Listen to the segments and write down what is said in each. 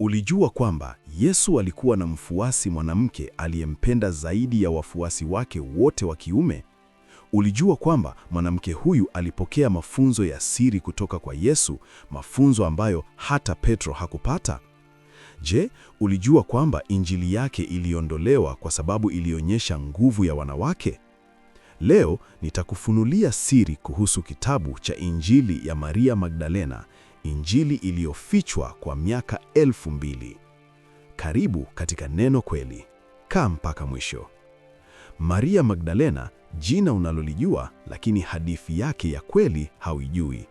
Ulijua kwamba Yesu alikuwa na mfuasi mwanamke aliyempenda zaidi ya wafuasi wake wote wa kiume? Ulijua kwamba mwanamke huyu alipokea mafunzo ya siri kutoka kwa Yesu, mafunzo ambayo hata Petro hakupata? Je, ulijua kwamba injili yake iliondolewa kwa sababu ilionyesha nguvu ya wanawake? Leo nitakufunulia siri kuhusu kitabu cha Injili ya Maria Magdalena Injili iliyofichwa kwa miaka elfu mbili. Karibu katika Neno Kweli. Kaa mpaka mwisho. Maria Magdalena, jina unalolijua lakini hadithi yake ya kweli hauijui.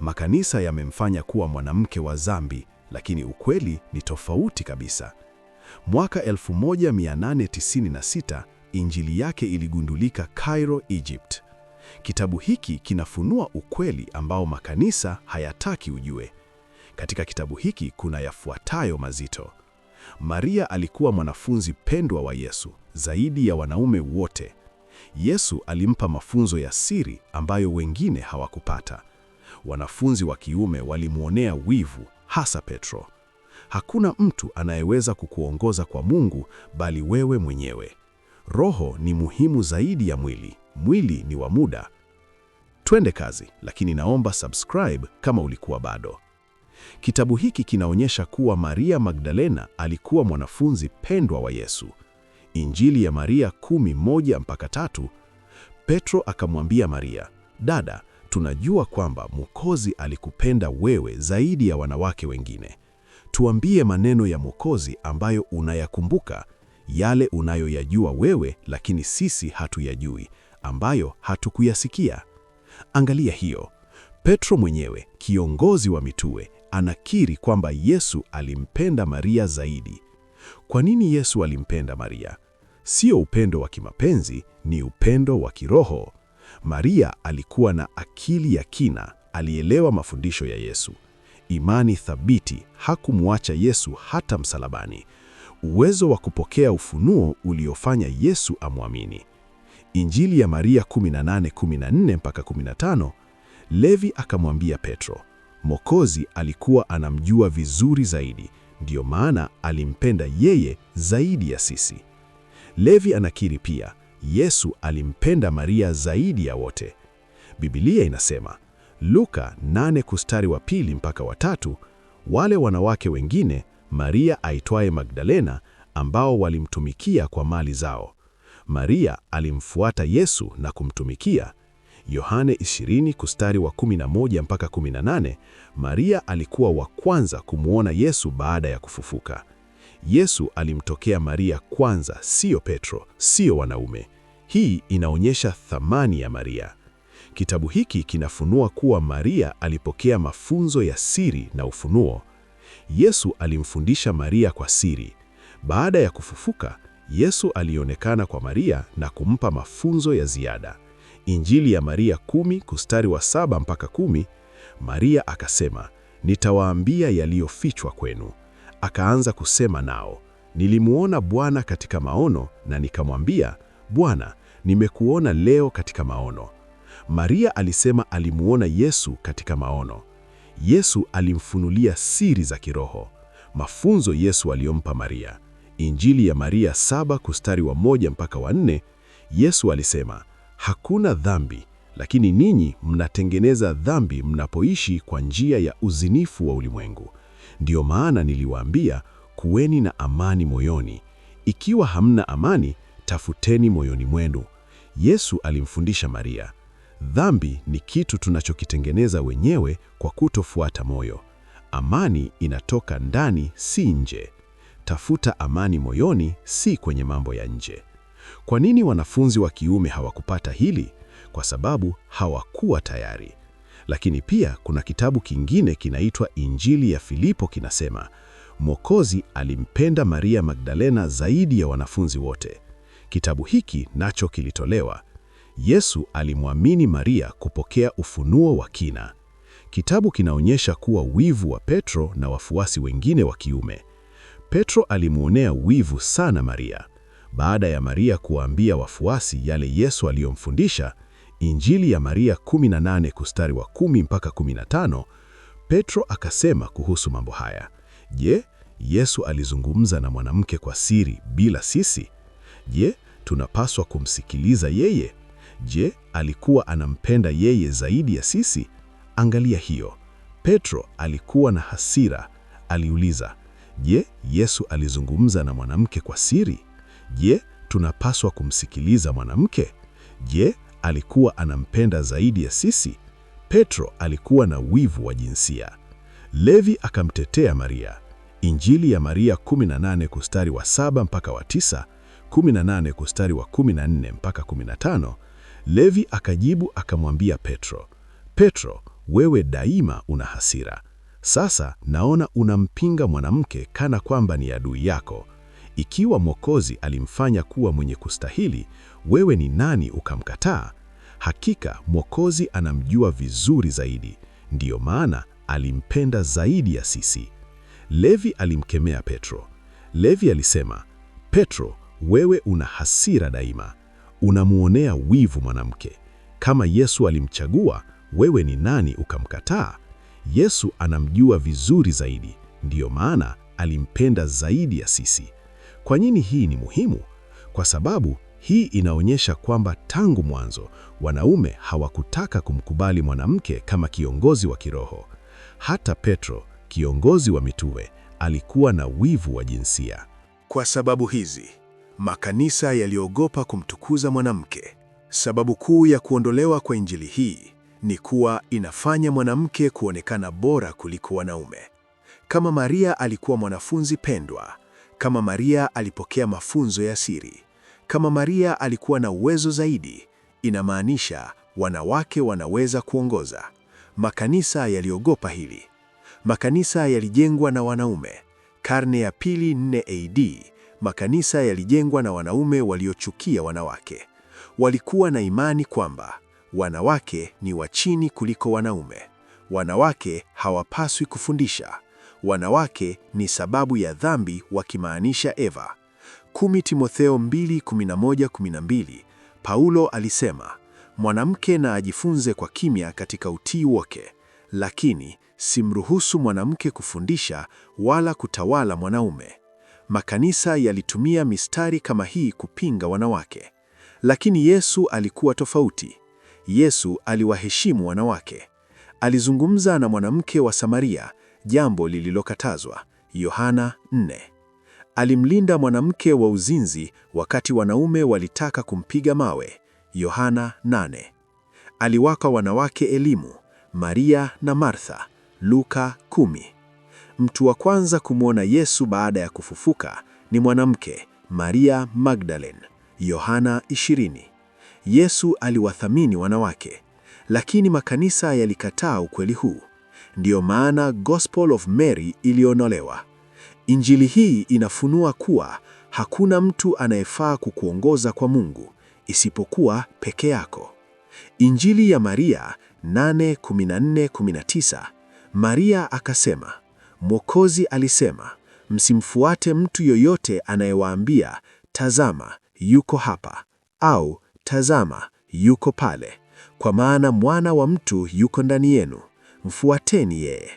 Makanisa yamemfanya kuwa mwanamke wa dhambi, lakini ukweli ni tofauti kabisa. Mwaka 1896 injili yake iligundulika Cairo, Egypt. Kitabu hiki kinafunua ukweli ambao makanisa hayataki ujue. Katika kitabu hiki kuna yafuatayo mazito. Maria alikuwa mwanafunzi pendwa wa Yesu zaidi ya wanaume wote. Yesu alimpa mafunzo ya siri ambayo wengine hawakupata. Wanafunzi wa kiume walimwonea wivu, hasa Petro. Hakuna mtu anayeweza kukuongoza kwa Mungu bali wewe mwenyewe. Roho ni muhimu zaidi ya mwili mwili ni wa muda. Twende kazi, lakini naomba subscribe kama ulikuwa bado. Kitabu hiki kinaonyesha kuwa Maria Magdalena alikuwa mwanafunzi pendwa wa Yesu. Injili ya Maria kumi moja mpaka tatu. Petro akamwambia Maria, dada, tunajua kwamba Mwokozi alikupenda wewe zaidi ya wanawake wengine. Tuambie maneno ya Mwokozi ambayo unayakumbuka, yale unayoyajua wewe, lakini sisi hatuyajui ambayo hatukuyasikia. Angalia hiyo. Petro mwenyewe, kiongozi wa mitume, anakiri kwamba Yesu alimpenda Maria zaidi. Kwa nini Yesu alimpenda Maria? Sio upendo wa kimapenzi, ni upendo wa kiroho. Maria alikuwa na akili ya kina, alielewa mafundisho ya Yesu. Imani thabiti, hakumwacha Yesu hata msalabani. Uwezo wa kupokea ufunuo uliofanya Yesu amwamini. Injili ya Maria 18:14 mpaka 15, Levi akamwambia Petro, Mwokozi alikuwa anamjua vizuri zaidi, ndiyo maana alimpenda yeye zaidi ya sisi. Levi anakiri pia, Yesu alimpenda Maria zaidi ya wote. Biblia inasema Luka 8 kustari wa pili mpaka watatu, wale wanawake wengine Maria aitwaye Magdalena ambao walimtumikia kwa mali zao Maria alimfuata Yesu na kumtumikia. Yohane 20 kustari wa 11 mpaka 18, Maria alikuwa wa kwanza kumwona Yesu baada ya kufufuka. Yesu alimtokea Maria kwanza, siyo Petro, siyo wanaume. Hii inaonyesha thamani ya Maria. Kitabu hiki kinafunua kuwa Maria alipokea mafunzo ya siri na ufunuo. Yesu alimfundisha Maria kwa siri. Baada ya kufufuka, Yesu alionekana kwa Maria na kumpa mafunzo ya ziada. Injili ya Maria kumi kustari wa saba mpaka kumi, Maria akasema, nitawaambia yaliyofichwa kwenu. Akaanza kusema nao, nilimuona Bwana katika maono na nikamwambia, Bwana, nimekuona leo katika maono. Maria alisema alimuona Yesu katika maono. Yesu alimfunulia siri za kiroho, mafunzo Yesu aliyompa Maria. Injili ya Maria saba kustari wa moja mpaka wa nne, Yesu alisema, hakuna dhambi, lakini ninyi mnatengeneza dhambi mnapoishi kwa njia ya uzinifu wa ulimwengu. Ndiyo maana niliwaambia kuweni na amani moyoni. Ikiwa hamna amani, tafuteni moyoni mwenu. Yesu alimfundisha Maria, dhambi ni kitu tunachokitengeneza wenyewe kwa kutofuata moyo. Amani inatoka ndani, si nje. Tafuta amani moyoni, si kwenye mambo ya nje. Kwa nini wanafunzi wa kiume hawakupata hili? Kwa sababu hawakuwa tayari. Lakini pia kuna kitabu kingine kinaitwa Injili ya Filipo kinasema, Mwokozi alimpenda Maria Magdalena zaidi ya wanafunzi wote. Kitabu hiki nacho kilitolewa. Yesu alimwamini Maria kupokea ufunuo wa kina. Kitabu kinaonyesha kuwa wivu wa Petro na wafuasi wengine wa kiume Petro alimwonea wivu sana Maria. Baada ya Maria kuwaambia wafuasi yale Yesu aliyomfundisha, Injili ya Maria 18 kustari wa 10 mpaka 15, Petro akasema kuhusu mambo haya. Je, Yesu alizungumza na mwanamke kwa siri bila sisi? Je, tunapaswa kumsikiliza yeye? Je, alikuwa anampenda yeye zaidi ya sisi? Angalia hiyo. Petro alikuwa na hasira, aliuliza, Je, Yesu alizungumza na mwanamke kwa siri? Je, tunapaswa kumsikiliza mwanamke? Je, alikuwa anampenda zaidi ya sisi? Petro alikuwa na wivu wa jinsia. Levi akamtetea Maria. Injili ya Maria 18 kustari wa 7 mpaka wa 9, 18 kustari wa 14 mpaka 15. Levi akajibu akamwambia Petro, Petro, wewe daima una hasira sasa naona unampinga mwanamke kana kwamba ni adui yako. Ikiwa Mwokozi alimfanya kuwa mwenye kustahili, wewe ni nani ukamkataa? Hakika Mwokozi anamjua vizuri zaidi, ndiyo maana alimpenda zaidi ya sisi. Levi alimkemea Petro. Levi alisema, Petro, wewe una hasira daima, unamuonea wivu mwanamke. Kama Yesu alimchagua, wewe ni nani ukamkataa? Yesu anamjua vizuri zaidi, ndiyo maana alimpenda zaidi ya sisi. Kwa nini hii ni muhimu? Kwa sababu hii inaonyesha kwamba tangu mwanzo wanaume hawakutaka kumkubali mwanamke kama kiongozi wa kiroho. Hata Petro, kiongozi wa mitume, alikuwa na wivu wa jinsia. Kwa sababu hizi, makanisa yaliogopa kumtukuza mwanamke. Sababu kuu ya kuondolewa kwa injili hii ni kuwa inafanya mwanamke kuonekana bora kuliko wanaume. Kama Maria alikuwa mwanafunzi pendwa, kama Maria alipokea mafunzo ya siri, kama Maria alikuwa na uwezo zaidi, inamaanisha wanawake wanaweza kuongoza. Makanisa yaliogopa hili. Makanisa yalijengwa na wanaume. Karne ya pili 4 AD, makanisa yalijengwa na wanaume waliochukia wanawake. Walikuwa na imani kwamba wanawake ni wa chini kuliko wanaume, wanawake hawapaswi kufundisha, wanawake ni sababu ya dhambi, wakimaanisha Eva. 10 Timotheo 2:11-12 Paulo alisema, mwanamke na ajifunze kwa kimya katika utii woke lakini simruhusu mwanamke kufundisha wala kutawala mwanaume. Makanisa yalitumia mistari kama hii kupinga wanawake, lakini Yesu alikuwa tofauti. Yesu aliwaheshimu wanawake. Alizungumza na mwanamke wa Samaria, jambo lililokatazwa. Yohana 4. Alimlinda mwanamke wa uzinzi wakati wanaume walitaka kumpiga mawe. Yohana 8. Aliwapa wanawake elimu, Maria na Martha. Luka 10. Mtu wa kwanza kumwona Yesu baada ya kufufuka ni mwanamke, Maria Magdalene. Yohana 20. Yesu aliwathamini wanawake, lakini makanisa yalikataa ukweli huu. Ndiyo maana Gospel of Mary ilionolewa. Injili hii inafunua kuwa hakuna mtu anayefaa kukuongoza kwa Mungu isipokuwa peke yako. Injili ya Maria 8:14-19, Maria akasema, Mwokozi alisema, msimfuate mtu yoyote anayewaambia tazama, yuko hapa, au Tazama, yuko pale, kwa maana mwana wa mtu yuko ndani yenu, mfuateni yeye.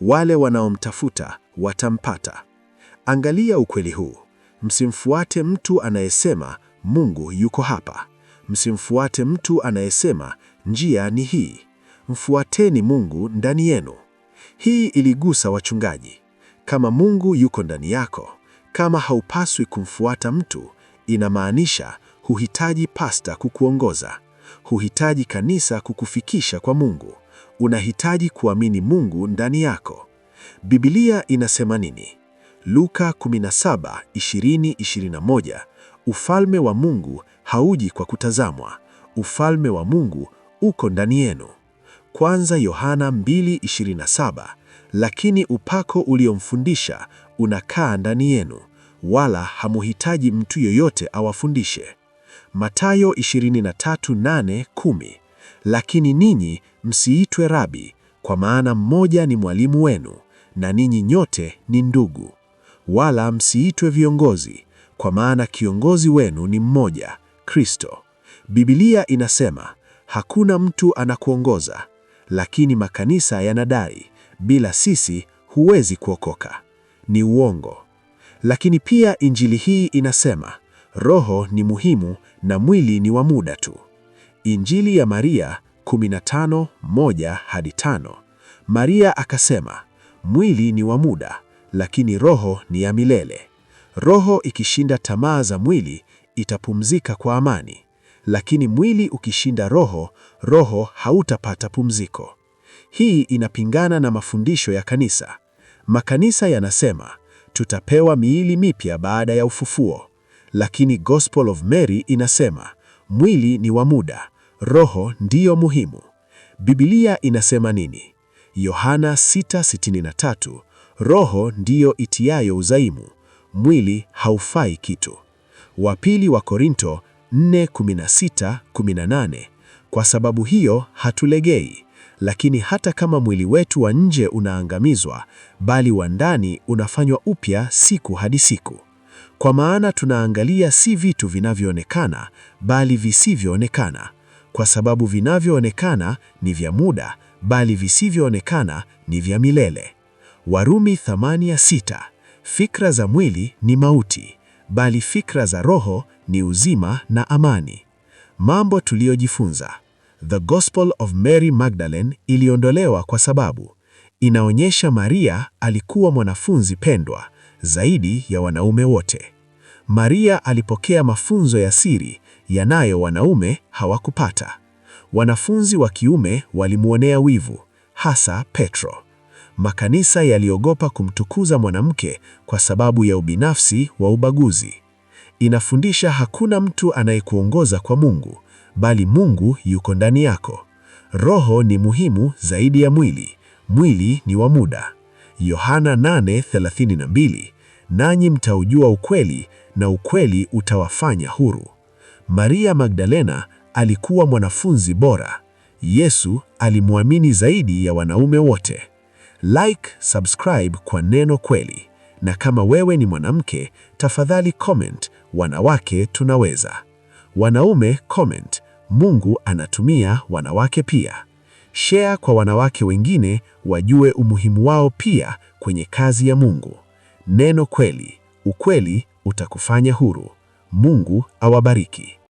Wale wanaomtafuta watampata. Angalia ukweli huu. Msimfuate mtu anayesema Mungu yuko hapa. Msimfuate mtu anayesema njia ni hii. Mfuateni Mungu ndani yenu. Hii iligusa wachungaji. Kama Mungu yuko ndani yako, kama haupaswi kumfuata mtu, inamaanisha Huhitaji pasta kukuongoza, huhitaji kanisa kukufikisha kwa Mungu. Unahitaji kuamini Mungu ndani yako. Biblia inasema nini? Luka 17:20-21, ufalme wa Mungu hauji kwa kutazamwa, ufalme wa Mungu uko ndani yenu. Kwanza Yohana 2:27, lakini upako uliomfundisha unakaa ndani yenu, wala hamuhitaji mtu yoyote awafundishe. Mathayo 23:8-10, lakini ninyi msiitwe rabi, kwa maana mmoja ni mwalimu wenu na ninyi nyote ni ndugu. Wala msiitwe viongozi, kwa maana kiongozi wenu ni mmoja, Kristo. Biblia inasema hakuna mtu anakuongoza, lakini makanisa yanadai bila sisi huwezi kuokoka. Ni uongo. Lakini pia Injili hii inasema roho ni muhimu na mwili ni wa muda tu. Injili ya Maria 15:1 hadi 5. Maria akasema, mwili ni wa muda, lakini roho ni ya milele. Roho ikishinda tamaa za mwili itapumzika kwa amani, lakini mwili ukishinda roho, roho hautapata pumziko. Hii inapingana na mafundisho ya kanisa. Makanisa yanasema tutapewa miili mipya baada ya ufufuo, lakini Gospel of Mary inasema mwili ni wa muda, roho ndiyo muhimu. Biblia inasema nini? Yohana 6:63, roho ndiyo itiayo uzaimu, mwili haufai kitu. Wapili wa Korinto 4:16, 18, kwa sababu hiyo hatulegei, lakini hata kama mwili wetu wa nje unaangamizwa, bali wa ndani unafanywa upya siku hadi siku kwa maana tunaangalia si vitu vinavyoonekana, bali visivyoonekana, kwa sababu vinavyoonekana ni vya muda, bali visivyoonekana ni vya milele. Warumi 8:6. Fikra za mwili ni mauti, bali fikra za roho ni uzima na amani. Mambo tuliyojifunza: The Gospel of Mary Magdalene iliondolewa kwa sababu inaonyesha Maria alikuwa mwanafunzi pendwa zaidi ya wanaume wote. Maria alipokea mafunzo ya siri yanayo wanaume hawakupata. Wanafunzi wa kiume walimwonea wivu, hasa Petro. Makanisa yaliogopa kumtukuza mwanamke kwa sababu ya ubinafsi wa ubaguzi. Inafundisha hakuna mtu anayekuongoza kwa Mungu, bali Mungu yuko ndani yako. Roho ni muhimu zaidi ya mwili. Mwili ni wa muda. Yohana 8:32, nanyi mtaujua ukweli na ukweli utawafanya huru. Maria Magdalena alikuwa mwanafunzi bora. Yesu alimwamini zaidi ya wanaume wote. Like, subscribe kwa Neno Kweli, na kama wewe ni mwanamke, tafadhali comment wanawake tunaweza. Wanaume comment Mungu anatumia wanawake pia. Share kwa wanawake wengine wajue umuhimu wao pia kwenye kazi ya Mungu. Neno kweli, ukweli utakufanya huru. Mungu awabariki.